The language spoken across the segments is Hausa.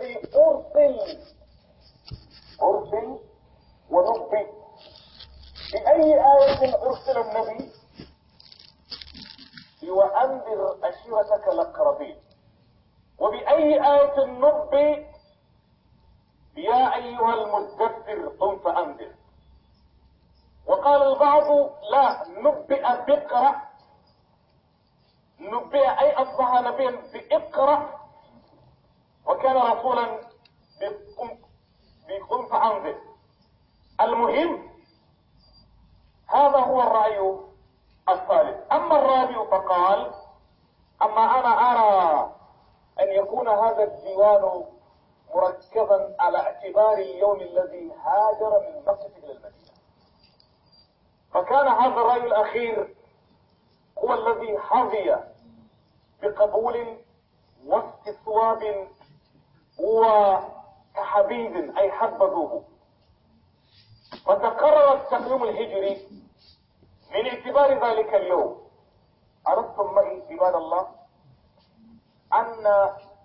الذي أرقي أرقي ونقي بأي آية أرسل النبي وأنذر أشيرتك الأقربين وبأي آية نبي يا أيها المدبر قم فأنذر وقال البعض لا نبئ بقرأ نبئ أي أصبح نبيا بإقرأ وكان رسولا بقنف عنزه المهم هذا هو الرأي الثالث أما الرابع فقال أما أنا أرى أن يكون هذا الديوان مركزا على اعتبار اليوم الذي هاجر من مكة إلى المدينة فكان هذا الرأي الأخير هو الذي حظي بقبول واستثواب وكحبيب أي حببوه وتقرر التقويم الهجري من اعتبار ذلك اليوم أردتم معي عباد الله أن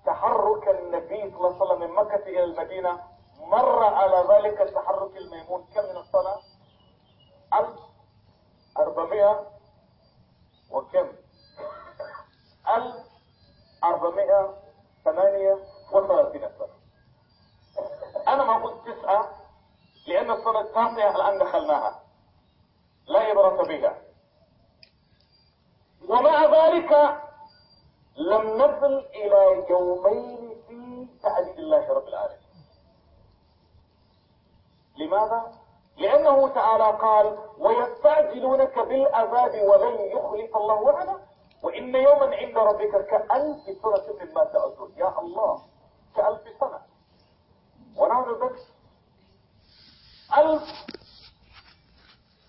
تحرك النبي صلى الله عليه وسلم من مكة إلى المدينة مر على ذلك التحرك الميمون كم من السنة؟ 1400 وكم؟ 1400 ثمانية وصلت بنفسها أنا ما قلت تسعة لأن الصلاة التاسعة الآن دخلناها لا عبرة بها ومع ذلك لم نصل إلى يومين في تعديل الله رب العالمين لماذا؟ لأنه تعالى قال ويستعجلونك بالعذاب ولن يخلف الله وعده وإن يوما عند ربك كألف سنة مما تعدون يا الله كألف سنة ونحن بكس ألف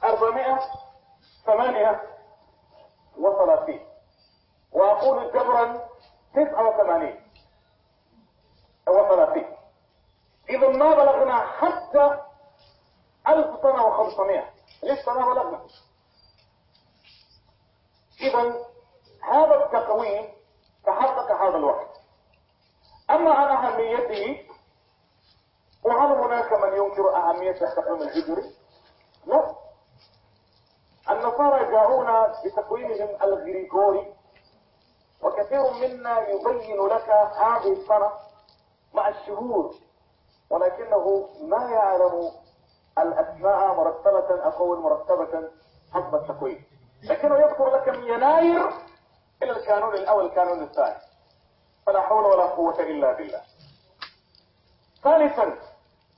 أربعمائة ثمانية وثلاثين وأقول جبرا تسعة وثمانين وثلاثين إذا ما بلغنا حتى ألف سنة وخمسمائة لسه ما بلغنا إذا هذا التقويم تحقق هذا الوقت أما عن أهميته وهل هناك من ينكر أهمية التقويم الهجري؟ لا النصارى جاءونا بتقويمهم الغريغوري وكثير منا يبين لك هذه السنة مع الشهور ولكنه ما يعلم الأسماء مرتبة أقول مرتبة حسب التقويم لكنه يذكر لك من يناير إلى الكانون الأول الكانون الثاني فلا حول ولا قوة إلا بالله ثالثا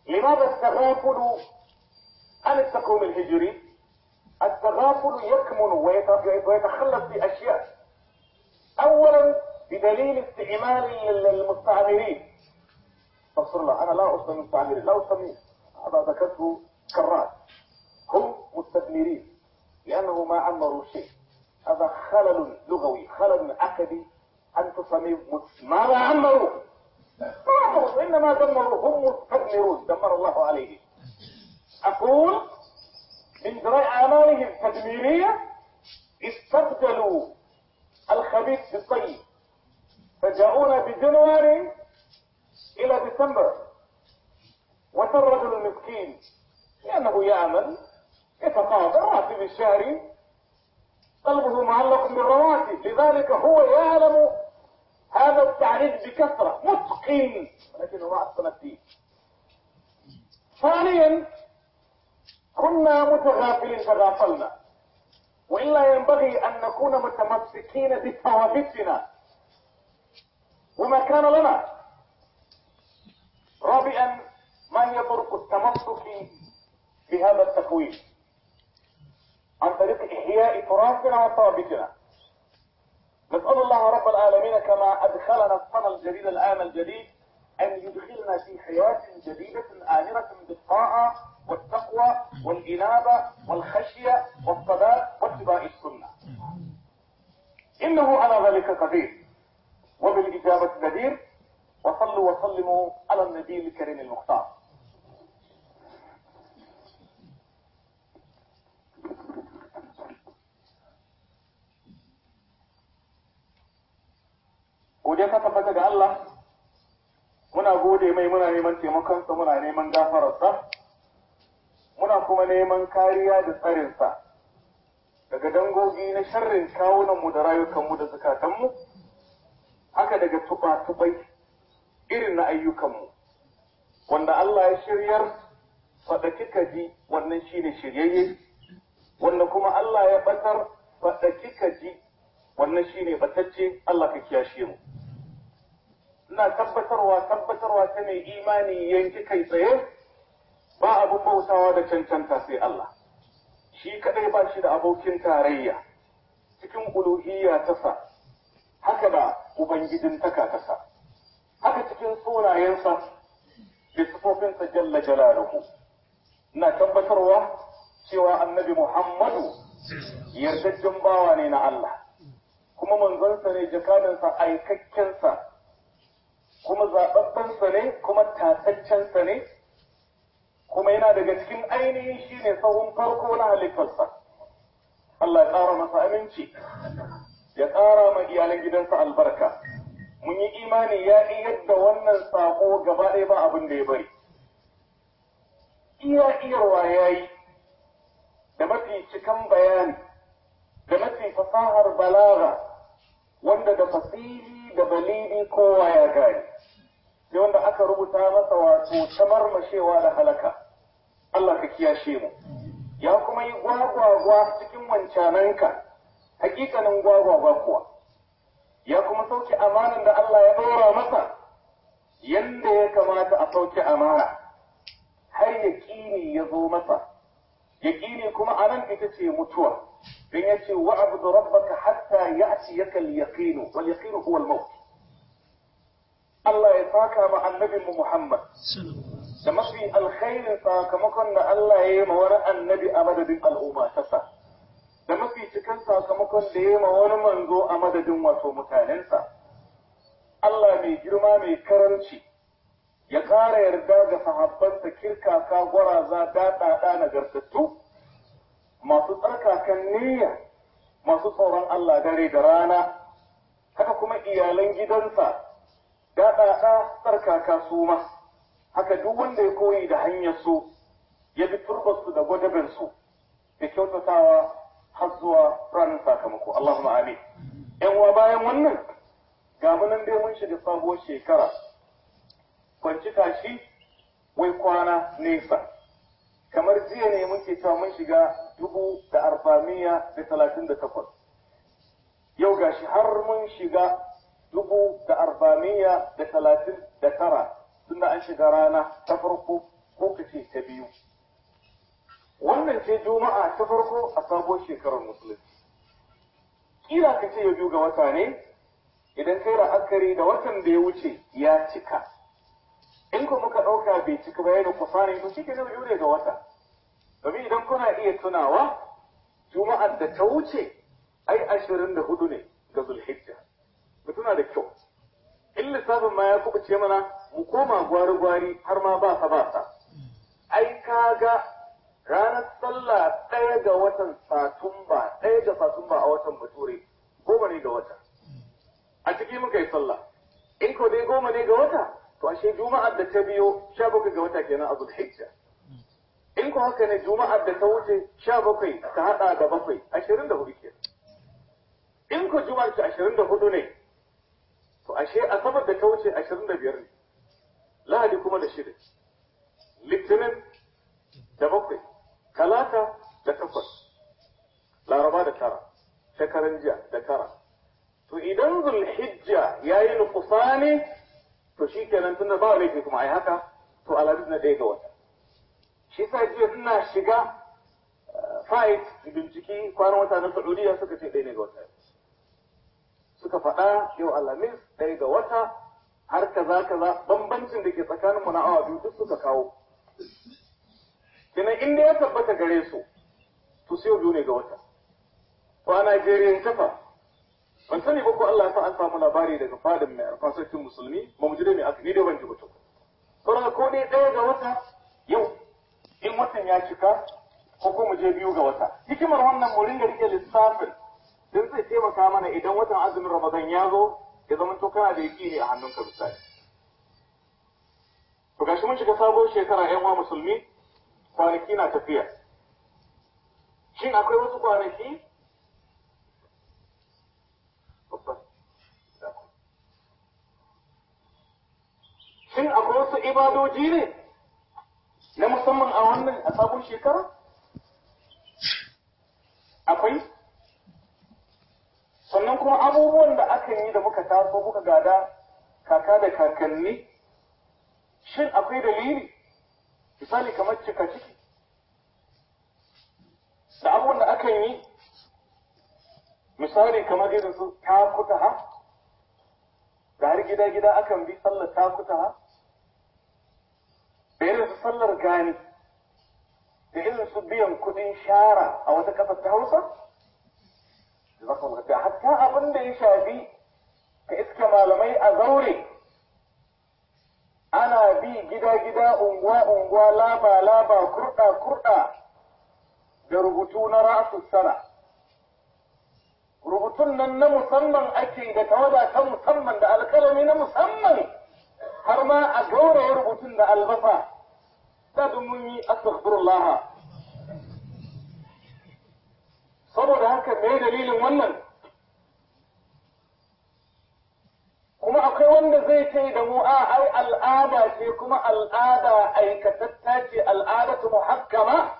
لماذا التغافل عن التقويم الهجري التغافل يكمن ويتخلص بأشياء أولا بدليل استعمال المستعمرين استغفر الله أنا لا أسمي المستعمرين لا أسمي هذا ذكرته كرات هم مستثمرين لأنه ما عمروا شيء هذا خلل لغوي خلل عقدي أن تسميه ما عمروا ما عمروا إنما دمروا هم مستثمرون دمر الله عليهم أقول من جراء أعمالهم التدميرية استبدلوا الخبيث بالطيب فجاءونا بجنواري إلى ديسمبر وترى الرجل المسكين لأنه يعمل يتقاضى راتب الشهري قلبه معلق بالرواتب لذلك هو يعلم هذا التعريف بكثرة متقن ولكنه ما أصلا الدين ثانيا كنا متغافلين تغافلنا وإلا ينبغي أن نكون متمسكين بثوابتنا وما كان لنا رابعا من يطرق التمسك بهذا التكوين عن طريق إحياء تراثنا وثوابتنا نسأل الله رب العالمين كما أدخلنا السنة الجديدة العام الجديد أن يدخلنا في حياة جديدة آمرة بالطاعة والتقوى والإنابة والخشية والصلاة واتباع السنة إنه على ذلك قدير وبالإجابة قدير وصلوا وسلموا على النبي الكريم المختار gode ta tabbata ga Allah muna gode mai muna neman taimakonsa muna neman gafararsa muna kuma neman kariya da tsarinsa daga dangogi na sharrin kawunanmu da rayukan mu da zukatanmu haka daga tuba-tubai irin na ayyukanmu wanda Allah ya shiryar faɗaki ka ji wannan shine shiryayye wanda kuma Allah ya batar faɗaki ka ji wannan shine batacce Allah ka kiyashe mu ina tabbatarwa tabbatarwa ta mai imani yanki kai tsaye ba abin bautawa da cancanta sai Allah shi kadai ba shi da abokin tarayya cikin uluhiyya tasa haka da ubangijin taka tasa haka cikin sunayensa da sifofinsa jalla jalaluhu ina tabbatarwa cewa annabi Muhammadu yardajjen bawa ne na Allah kuma manzonsa ne jakadansa aikakkensa kuma zaɓaɓɓen ne kuma tataccen ne kuma yana daga cikin ainihin ne tsawon farko na halittarsa Allah ya ƙara masa aminci ya tsara ma iyalan gidansa albarka mun yi imani ya yadda wannan saƙo gaba ɗaya ba abin da ya bari iya iyarwa ya yi da mafi cikan bayani da mafi fasahar balaga wanda da fasiri da balidi kowa ya gani sai wanda aka rubuta masa wato marmashewa da halaka Allah ka kiyashe mu ya kuma yi gwagwagwa cikin wancananka hakikanin gwagwagwa kuwa ya kuma sauke amanan da Allah ya ɗora masa yanda ya kamata a sauke amana har yaƙini ya zo masa yaƙini kuma anan ita ce mutuwa don ya ce wa'abudu rabbaka hatta ya'tiyaka al-yaqinu wal yaqinu huwa al Allah ya saka ma annabin mu Muhammad da mafi alkhairin sakamakon da Allah ya yi ma wani annabi a madadin al'umma da mafi cikin sakamakon da ya yi ma wani manzo a madadin wato mutanensa Allah mai girma mai karanci ya ƙara yarda ga sahabbansa kirkaka gwaraza daɗaɗa nagartattu masu tsarkakan niyya masu tsoron Allah dare da rana haka kuma iyalan gidansa gaɗa ɗaɗa tsarkaka su ma haka duk wanda ya koyi da hanyar su ya bi turbarsu da gwadaben da kyautatawa har zuwa ranar sakamako allah amin yan bayan wannan ga munan nan dai mun shiga sabuwar shekara kwanci tashi wai kwana nesa kamar jiya ne muke cewa mun shiga dubu da arba'amiya da talatin da takwas yau gashi har mun shiga dubu da arba'amiya da talatin da tara tunda an shiga rana ta farko ko kace ta biyu wannan ce juma'a ta farko a sabuwar shekarar musulunci kila ka ce ya biyu ga wata ne idan kai la'akari da watan da ya wuce ya cika in ku muka ɗauka bai cika ba da kusa ne to shi ke zama ga wata domin idan kuna iya tunawa juma'ar da ta wuce ai ashirin da hudu ne ga zulhijja mutuna da kyau in lissafin ma ya ce mana mu koma gwari-gwari har ma ba sa ba sa ai kaga ranar sallah ɗaya ga watan satumba ɗaya ga satumba a watan bature goma ne ga wata a ciki muka yi sallah in ko dai goma ne ga wata to ashe juma'ar da ta biyo sha bakwai ga wata kenan a zulhijja in ko haka ne juma'ar da ta wuce sha bakwai ta haɗa da bakwai ashirin da hudu kenan in ko juma'ar ta ashirin da hudu ne to ashe asabar da ta wuce ashirin da biyar ne lahadi kuma da shida litinin da bakwai talata da takwas laraba da tara shekaran jiya da tara to idan zulhijja ya yi nukusa ne to shi kenan tunda ba laifin kuma ai haka to alhamis na ɗaya ga wata shi sa jiya suna shiga eh, fight binciki kwanan wata na saudiya suka ce ɗaya ne ga wata suka faɗa yau alhamis ɗaya ga wata har kaza kaza bambancin da ke tsakanin mu na awa biyu duk suka kawo kenan inda ya tabbata gare su to sai yau biyu ne ga wata to a Najeriya tafa ban sani ba ko Allah ya sa an samu labari daga fadin mai alfasarkin musulmi ba mu ji dai mai aka ni dai ban ji ba to sauran ko dai ɗaya ga wata yau in watan ya cika ko ko mu je biyu ga wata hikimar wannan mu ringa rike lissafin don zai taimaka mana idan watan azumin ramadan ya zo ya zama to kana da yaki ne a hannunka misali to gashi mun shiga sabon shekara yan uwa musulmi kwanaki na tafiya shin akwai wasu kwanaki shin akwai wasu ibadoji ne na musamman a wannan a sabon shekara akwai sannan kuma abubuwan da aka yi da muka taso muka gada kaka da kakanni shin akwai dalili misali kamar cika ciki da abubuwan da aka yi misali kamar irin su takuta ha da har gida gida akan bi sallar takuta ha da irin su sallar gani da irin su biyan kudin shara a wata ƙasar ta hausa za abin da ya shafi ka iske malamai a zaure ana bi gida-gida unguwa-unguwa laba-laba kurɗa-kurɗa da rubutu na rasu sana rubutun nan na musamman ake da tawada ta musamman da alkalami na musamman har ma a gauraye rubutun da albasa ta mun yi astaghfirullah saboda haka me dalilin wannan kuma akwai wanda zai ce da mu a ah, ai al'ada ce kuma al'ada aikatatta ce al'adatu muhakkama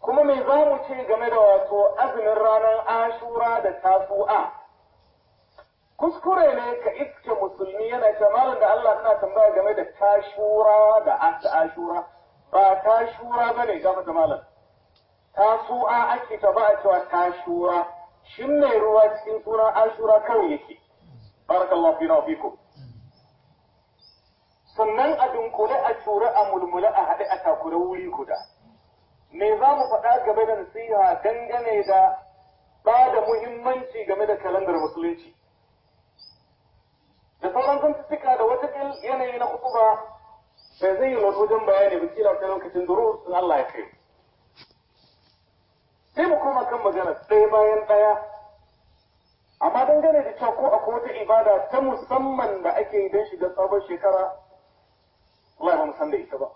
kuma me za mu ce game da wato azumin ranar ashura da tasu'a kuskure ne ka iske musulmi yana shamarin da Allah suna tambaya game da tashura da ashura ba tashura ba ne gafa malam tasu'a ake ta ba a cewa tashura shin mai ruwa cikin sunan ashura kawai yake barakallahu fi fikum sannan a dunkule a cure a mulmule a haɗe a takure wuri guda me za mu faɗa game da nasiha dangane da ba da muhimmanci game da kalandar musulunci da sauran cika da wata yanayi na kutuba bai zai yi wajen bayani ba kila ta lokacin duru sun Allah ya kai sai mu koma kan magana ɗaya bayan ɗaya amma dangane da cewa ko akwai wata ibada ta musamman da ake yi don shiga sabon shekara Allah ya musamman da ita ba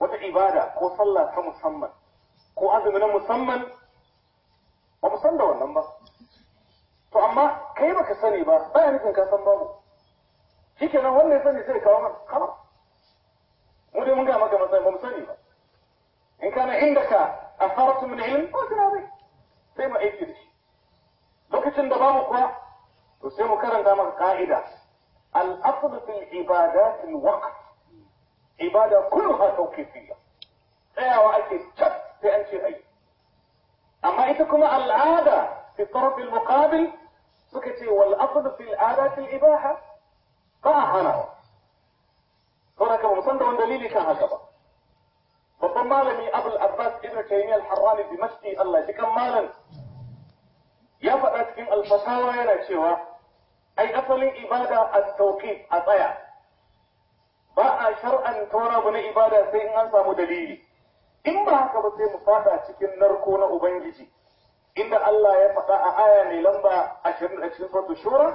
wata ibada ko sallah ta musamman ko azumi na musamman ba mu san da wannan ba to amma kai baka sani ba baya nufin ka san babu shikenan wannan sani sai kawo mana kama mu dai mun ga maka matsayin ba mu sani ba in kana inda ka أخرت من له آه، أجل أبي سيما إيكي دي لكتن دبابك وسيما كرن داما قاعدة الأصل في العبادات الوقت عبادة كلها توقيفية فيها وأيكي تشت تأنشي أي أما إتكما العادة في الطرف المقابل سكتي والأصل في العادات الإباحة فأهنا هناك مصندر دليل كان هكذا babban malami abul abbas ibn taymiyyah al-harrani dimashqi Allah shi malam ya faɗa cikin alfasawa yana cewa ai asalin ibada at-tawqif a tsaya ba a shar'an taura na ibada sai in an samu dalili in ba haka ba sai mu fada cikin narko na ubangiji inda Allah ya faɗa a aya mai lamba 20 a cikin suratul shura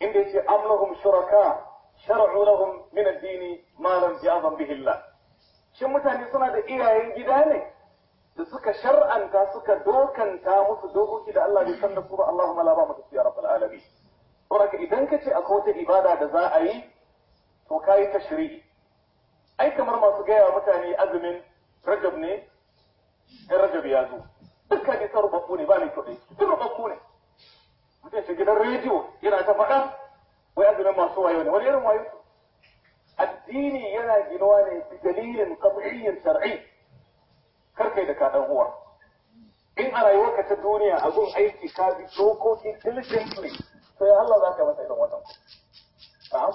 inda yace am shuraka shar'u lahum min ad-dini ma lam ya'zam bihi Allah shin mutane suna da iyayen gida ne da suka shar'anta suka dokanta musu dokoki da Allah bai san da su ba Allahumma la ba mu tafiya rabbul alamin saboda idan ka ce akwai wata ibada da za a yi to ta shiri? ai kamar masu gaya mutane azumin rajab ne in rajab ya zo duk hadisan rubabbu ne ba ni kuɗi duk rubabbu ne mutum shi gidan rediyo yana ta faɗa wai azumin masu wayo ne wani irin wayo addini yana ginuwa ne bi dalilin qad'iyyin shar'i karkai da ka dan uwa in a rayuwarka ta duniya a gun aiki ka bi dokoki diligently sai Allah za ka masa irin wannan na'am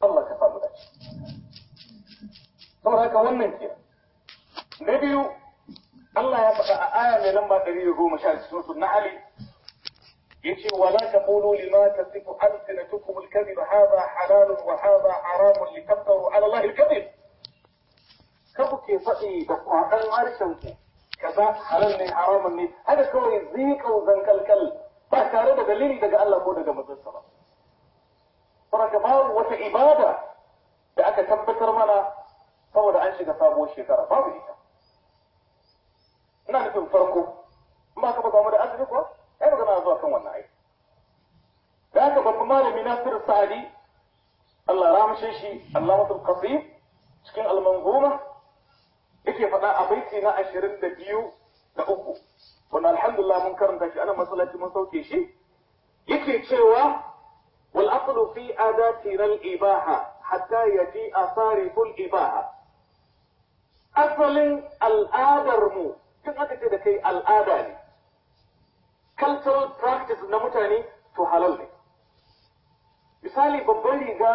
Allah ka samu dace saboda haka wannan ke na biyu Allah ya faɗa a aya mai lamba ɗari da goma 110 cikin na Ali يجي ولا تقولوا لما تصف ألسنتكم الكذب هذا حلال وهذا حرام لتفتروا على الله الكذب كبك فأي ما كان مارشنك كذا حلال من حرام من هذا كو يزيك وزنك الكل فأكارد دليل دقاء الله مو دقاء مدرسة فرقبار وتعبادة da وش tabbatar mana saboda an shiga عنش shekara وش ita ما بيجي نحن ba ما ba mu da azumi ai magana zuwa kan wannan aiki da haka babban malami nasir sa'adi Allah ramshe shi Allah mutul qasim cikin al yake faɗa a baiti na ashirin da uku wannan alhamdulillah mun karanta shi ana masallaci mun sauke shi yake cewa wal aqlu fi adatina al ibaha hatta yaji ful ibaha asalin al'adar mu kin aka ce da kai al'ada ne cultural practice na mutane to halal ne misali babban riga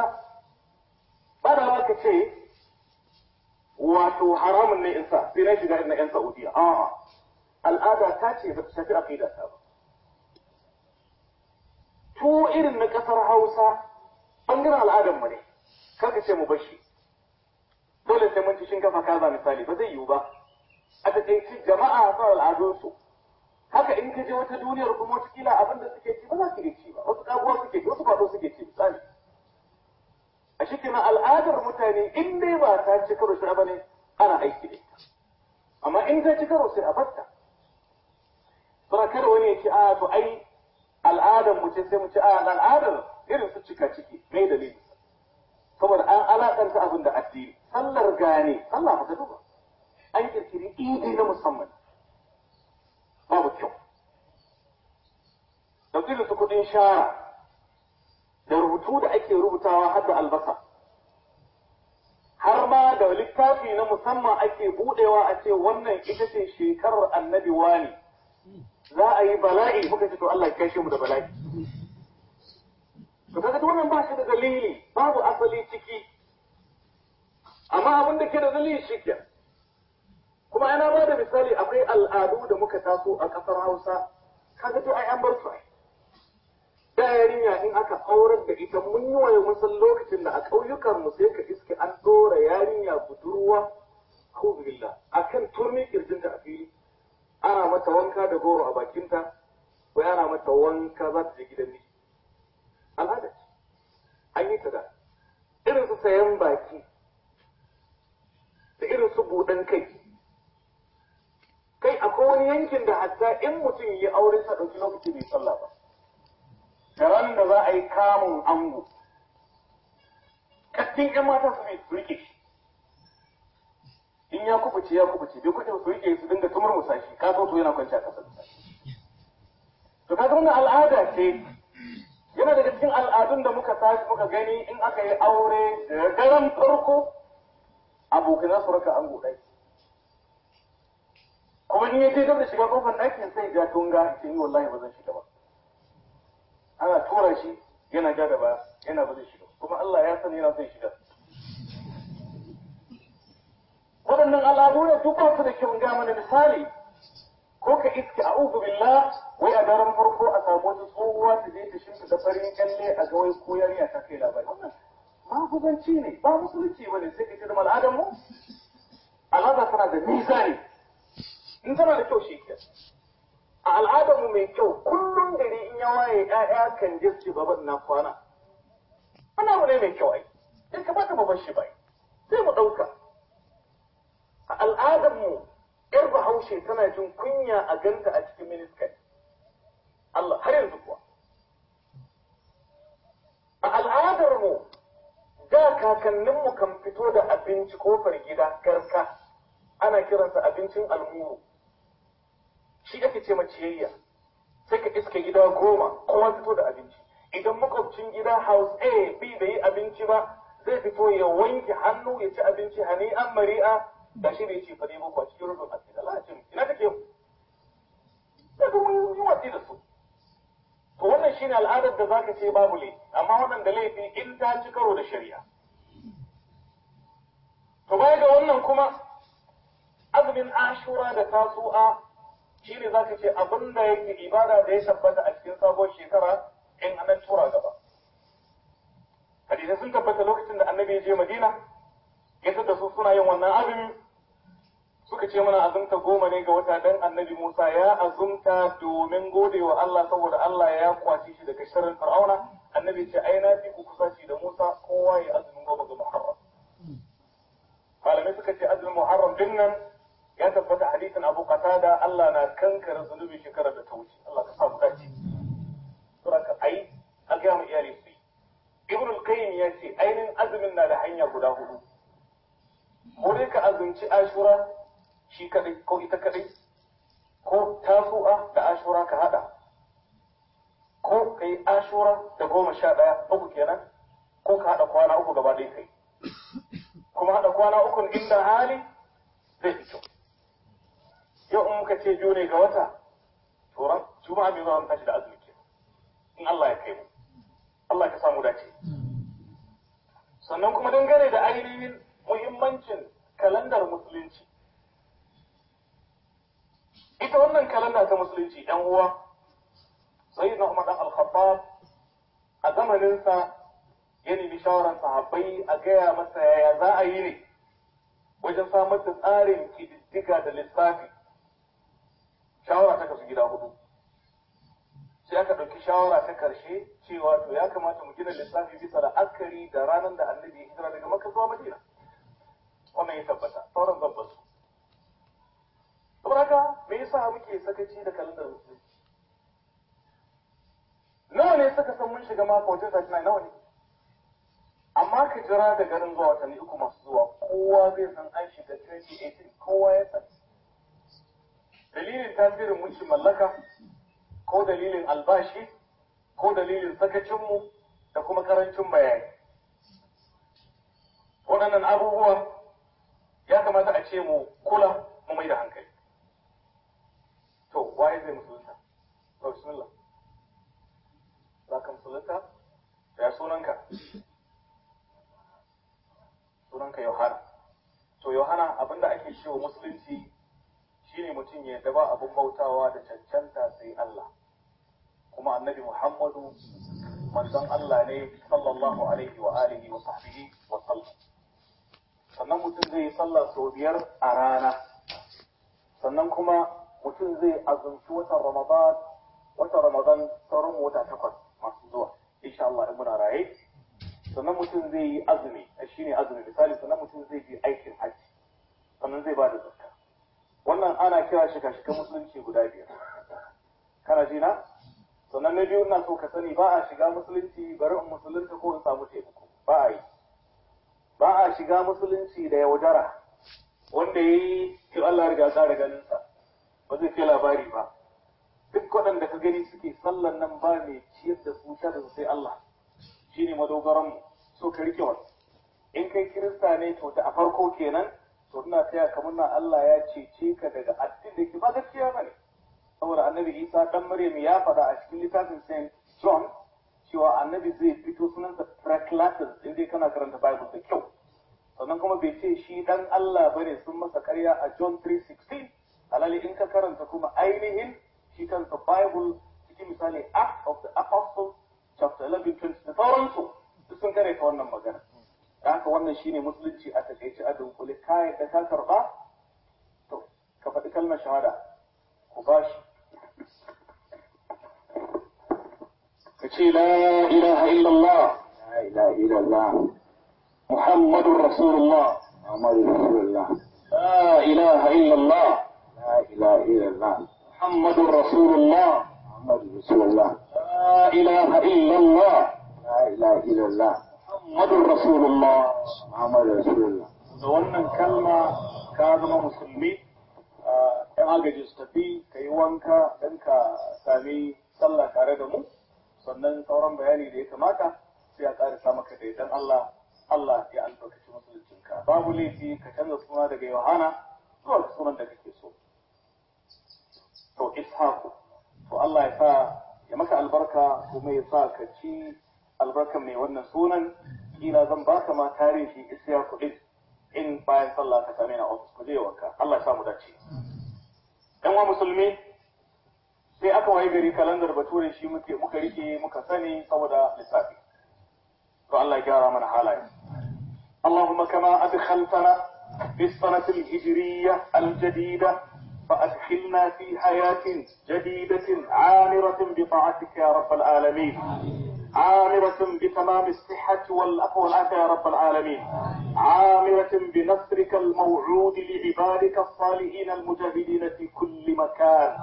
bada da ma ka ce wato haramun ne in sa sai na shiga na yan saudiya a'a al'ada ta ce ba ta shafi aqida ta ba to irin na kasar hausa bangaren al'adar mu ne kaka ce mu bashi dole sai mun ci shinkafa kaza misali ba zai yiwu ba a takaici jama'a sa al'adunsu haka in ka je wata duniyar kuma wata kila abin da suke ci ba za su iya ci ba wasu kabuwa suke ci wasu kwado suke ci misali a shi kenan al'adar mutane in dai ba ta ci karo shi ba ne ana aiki da ita amma in ta ci karo sai a batta suna kada wani ya ci a ah, to ai al'adar mu ce sai mu ci a ah, al'adar irin su cika ciki mai dalili saboda an alaƙanta abin da addini sallar gane sallah ba ta duba an kirkiri idi na musamman babu kyau da irin su kudin shara da rubutu da ake rubutawa har da albasa har ma da littafi na musamman ake budewa a ce wannan ita ce shekarar annabi wani za a yi bala'i muka ce to Allah ya kashe mu da bala'i to kaga wannan ba shi da dalili babu asali ciki amma abin da ke da dalili shi kenan kuma ana ba da misali akwai al'adu da muka taso a ƙasar hausa kaga to ai an bar su da yarinya in aka aurar da ita mun yi waye musan lokacin da a ƙauyukan mu sai ka iske an ɗora yarinya budurwa ko billa akan turmi kirjin da a yi, ana mata wanka da goro a bakinta ko ana mata wanka za ta je gidan miji al'ada ce an yi ta da irin su sayan baki da irin su buɗan kai akwai yankin da hatta in mutum ya aure sa ɗauki lokaci bai sallah ba da ran da za a yi kamun ango kattin yan mata su ne su rike shi in ya kubuce ya kubuce bai kuɗe su rike su dinga tumur musashi ka zo to yana kwanci a ƙasar to ka zama al'ada ce yana daga cikin al'adun da muka tashi muka gani in aka yi aure da daren farko abokan su raka ango ɗaya kuma in ya je gab da shiga kofar ɗakin sai ga tunga ce ni wallahi ba zan shiga ba ana tura shi yana ja da baya yana ba zai shiga kuma Allah ya sani yana son shiga waɗannan al'adu ne duk ba su da kyau ga mana misali ko ka iske a ugu billah wai a daren farko a samu wata tsohuwa ta je ta shimfi da farin kyalle a ga wai ko yarinya ta kai labari magudanci ne ba musulunci ba ne sai ka ce da al'adar mu al'ada suna da nisa ne in tana da kyau shi ke a al'adarmu mai kyau kullum gari in ya waye ƴaƴa kan je su baban na kwana ana mu ne mai kyau ai sai ka bata baban shi bai sai mu ɗauka a al'adarmu yar bahaushe tana jin kunya a ganta a cikin miniskai Allah har yanzu kuwa a al'adarmu da kakanninmu kan fito da abinci kofar gida garka ana kiransa abincin almuru shi ake ce ma ciyayya sai ka iska gida goma kowa fito da abinci idan makwabcin gida house a b da yi abinci ba zai fito ya wanke hannu ya ci abinci hani an mari'a da shi da ya ce fa dai boko a cikin rufin asiri Allah ce ina kake da kuma yi watsi da su to wannan shine al'adar da zaka ce babu le amma waɗanda laifi in ta ci karo da shari'a to baya ga wannan kuma azumin ashura da tasu'a shi ne za ka ce abin da yake ibada da ya tabbata a cikin sabon shekara in anan tura gaba hadisai sun tabbata lokacin da annabi ya je madina ya da su suna yin wannan azumi suka ce mana azumta goma ne ga wata dan annabi musa ya azumta domin gode wa allah saboda allah ya kwace shi daga sharrin fir'auna annabi ce ai na fi ku da musa kowa ya azumin goma ga muharram hmm. malamai suka ce azumin muharram dinnan ya tabbata lada Allah na kankara zunubin shekara da ta wuce Allah ka sa mu dace saboda ai a ga mu iyali su Ibn al-Qayyim ya ce ainin azumin na da hanya guda hudu ko ka azunci Ashura shi kadai ko ita kadai ko tasu'a da Ashura ka hada ko kai Ashura da goma sha daya uku kenan ko ka hada kwana uku gaba ɗaya kai kuma hada kwana uku inda hali zai fito yau in muka ce biyu ga wata turan juma'a mai zuwa tashi da azumi ke in Allah ya kai mu Allah ka samu dace sannan kuma dangane da ainihin muhimmancin kalandar musulunci ita wannan kalanda ta musulunci ɗan uwa na Umar Al-Khattab a zamaninsa ya nemi shawaran sahabbai a gaya masa yaya za a yi ne wajen samar da tsarin kididdiga da lissafi shawara ta kasu gida hudu sai aka ɗauki shawara ta ƙarshe cewa to ya kamata mu gina lissafi bisa da akari da ranar da annabi ya hijira daga makka zuwa madina wannan ya tabbata sauran zan basu saboda haka me yasa muke sakaci da kalandar musulunci nawa ne suka san mun shiga mako wajen sajina nawa ne amma ka jira da garin zuwa watanni uku masu zuwa kowa zai san an shiga 2018 kowa ya san dalilin tasirin mulkin mallaka ko dalilin albashi ko dalilin sakacinmu da kuma karancin bayani waɗannan abubuwa ya kamata a ce mu kula mu mai da hankali to waye zai musulunta ba bismillah za ka musulunta ya sunanka sunanka yohana to yohana abinda ake cewa musulunci shine mutum ya yadda ba abin bautawa da cancanta sai Allah kuma annabi Muhammadu manzon Allah ne sallallahu alaihi wa alihi wa sahbihi wa sallam sannan mutum zai yi sallah sau biyar a rana sannan kuma mutum zai azumci watan Ramadan watan Ramadan sauran wata takwas masu zuwa insha Allah in muna raye sannan mutum zai yi azumi shine azumi misali sannan mutum zai yi aikin hajji sannan zai ba da wannan ana kira shi kashi kan musulunci guda biyar kana jina na sannan na biyu ina so ka sani ba a shiga musulunci bari in musulunta ko in samu taimako ba a yi ba a shiga musulunci da yaudara wanda ya yi ki Allah riga tsara ganinsa ba zai kai labari ba duk waɗanda ka gani suke sallan nan ba mai ciyar da su ta da sai Allah shine madogaran mu so ka rike wa? in kai kirista ne to da a farko kenan to ina taya ka murna Allah ya cece ka daga addin da ke ba gaskiya bane saboda annabi Isa dan Maryam ya faɗa a cikin littafin Saint John cewa annabi zai fito sunansa Proclatus in dai kana karanta Bible da kyau sannan kuma bai ce shi dan Allah bane sun masa karya a John 3:16 alali in ka karanta kuma ainihin shi kansa Bible cikin misali Acts of the Apostles chapter 11:20 da sauransu sun kare ta wannan magana haka wannan shine musulunci a takaice a dunkule ka yadda ka karba to ka faɗi kalmar shahada ku ba shi ka ce la ilaha illallah la ilaha illallah muhammadur rasulullah muhammadur rasulullah la ilaha illallah la ilaha illallah muhammadur rasulullah muhammadur rasulullah la ilaha illallah la ilaha illallah Muhammadu Rasulullah Muhammadu Rasulullah da wannan kalma ka zama musulmi yan agaji su tafi ka yi wanka don ka sami sallah tare da mu sannan sauran bayani da ya kamata sai a ƙarisa maka da idan Allah Allah ya albarkaci musuluncinka babu laifi ka canza suna daga Yohana zuwa sunan da kake so to ishaku to Allah ya sa ya maka albarka kuma ya sa ka ci albarkan mai wannan sunan jikina zan baka ma kare shi isiya kuɗi in bayan sallah ka same na ofis mu je wanka Allah ya samu dace yan wa musulmi sai aka waye gari kalandar bature shi muke muka rike muka sani saboda lissafi to Allah ya gyara mana halaye اللهم كما أدخلتنا في السنة الهجرية الجديدة فأدخلنا في حياة جديدة عامرة بطاعتك يا رب العالمين عامرة بتمام الصحة والأقوى يا رب العالمين عامرة بنصرك الموعود لعبادك الصالحين المجاهدين في كل مكان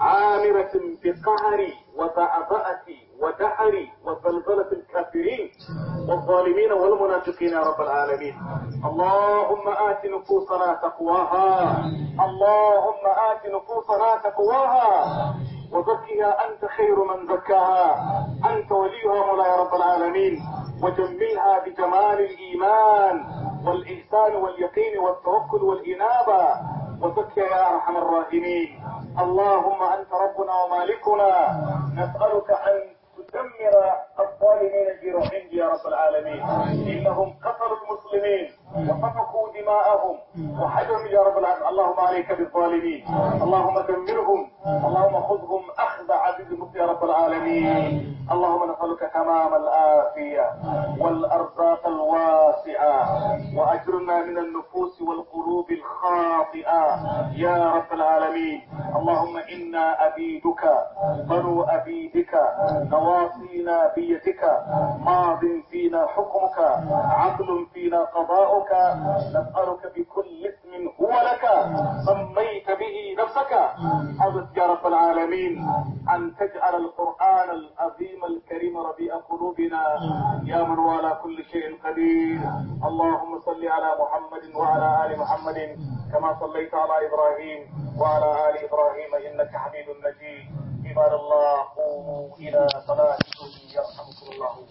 عامرة بقهري وزعزعة ودحر وزلزلة الكافرين والظالمين والمنافقين يا رب العالمين اللهم آت نفوسنا تقواها اللهم آت نفوسنا تقواها وزكها أنت خير من زكاها أنت وليها مولاي رب العالمين وجملها بجمال الإيمان والإحسان واليقين والتوكل والإنابة وزكها يا أرحم الراحمين اللهم أنت ربنا ومالكنا نسألك أن دمر الظالمين الجراحين يا رب العالمين إنهم قتلوا المسلمين وطفقوا دماءهم وحجهم يا رب العالمين اللهم عليك بالظالمين اللهم دمرهم اللهم خذهم أخذ عزيز مصر يا رب العالمين اللهم نسألك تمام الآفية والأرزاق الواسعة وأجرنا من النفوس خاطئا يا رب العالمين اللهم إنا أبيدك بنو أبيدك نواصينا بيتك ماض فينا حكمك عدل فينا قضاؤك نسألك بكل اسم هو لك سميت نفسك أبت يا رب العالمين أن تجعل القرآن العظيم الكريم ربيع قلوبنا يا من هو على كل شيء قدير اللهم صل على محمد وعلى آل محمد كما صليت على إبراهيم وعلى آل إبراهيم إنك حميد مجيد عباد الله قوموا إلى صلاتكم يرحمكم الله